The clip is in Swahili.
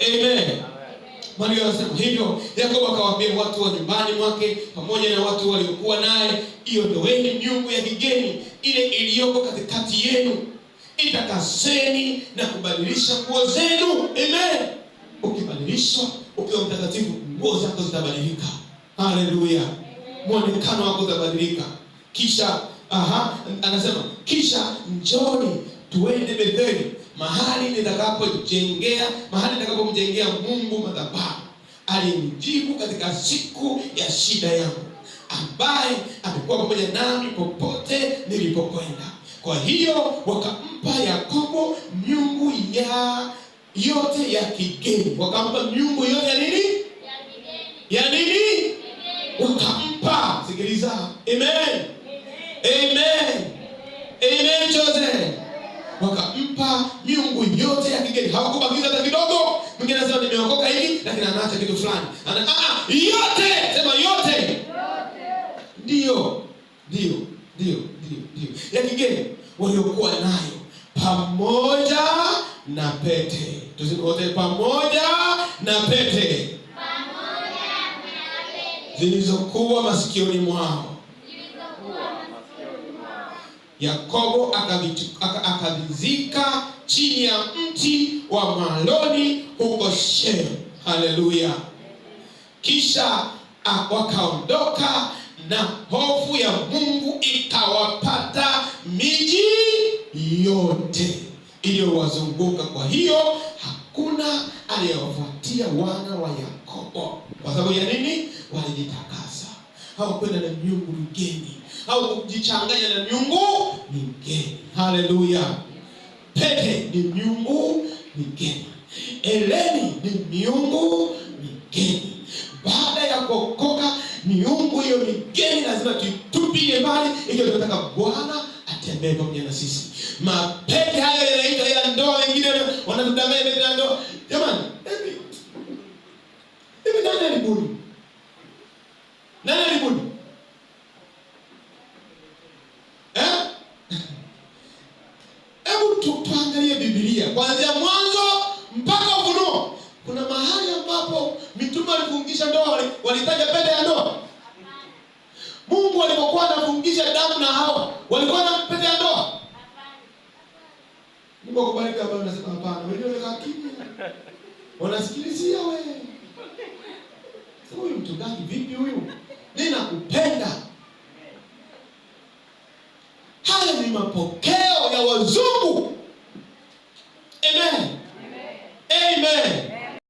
Amen. hivyo. Yakobo akawaambia watu wa nyumbani mwake pamoja na watu waliokuwa naye, iondoeni miungu ya kigeni ile iliyoko katikati yenu, itakaseni na kubadilisha nguo zenu. Amen. Ukibadilisha, ukiwa mtakatifu, nguo zako zitabadilika. Haleluya, mwonekano wako utabadilika. Kisha aha, anasema kisha, njoni tuende Betheli mahali nitakapojengea, mahali nitakapomjengea Mungu madhabahu. Alimjibu katika siku ya shida yangu, ambaye amekuwa pamoja nami popote nilipokwenda. Kwa hiyo wakampa Yakobo miungu ya yote ya kigeni, wakampa miungu yote ya nini? Ya nini? Wakampa. Sikiliza, amen, amen, amen, amen. amen. amen. amen wakampa miungu yote ya kigeni, hawakubakiza hata kidogo. Mwingine anasema nimeokoka hili, lakini anaacha kitu fulani, ah, ah, yote sema yote, Ndio, ndio, ndio, ndio, ndio ya kigeni waliokuwa nayo pamoja na pete, tuzikote pamoja na pete, pamoja na pete zilizokuwa masikioni mwao Yakobo akavizika chini ya mti wa maloni huko Shemu. Haleluya! Kisha wakaondoka na hofu ya Mungu ikawapata miji yote iliyowazunguka. Kwa hiyo hakuna aliyewafuatia wana wa Yakobo. Kwa sababu ya nini? Walijitakasa hawakwenda na miungu mgeni au kujichanganya na miungu migeni. Haleluya! Pete ni miungu migeni, eleni ni miungu migeni. Baada ya kuokoka, miungu hiyo migeni lazima tuitupie mbali, ikiwa tunataka Bwana atembee pamoja na sisi. Mapete hayo yanaitwa ya ndoa, wengine wanatudanganya ndoa tukaangalia Biblia kuanzia mwanzo mpaka Ufunuo. Kuna mahali ambapo mitume walifungisha ndoa, walitaja pete ya ndoa. Mungu alipokuwa anafungisha damu na hawa walikuwa na pete ya ndoa. Mungu akubariki. Ambayo unasema hapana, wanasikilizia wewe. mtu gani vipi huyu?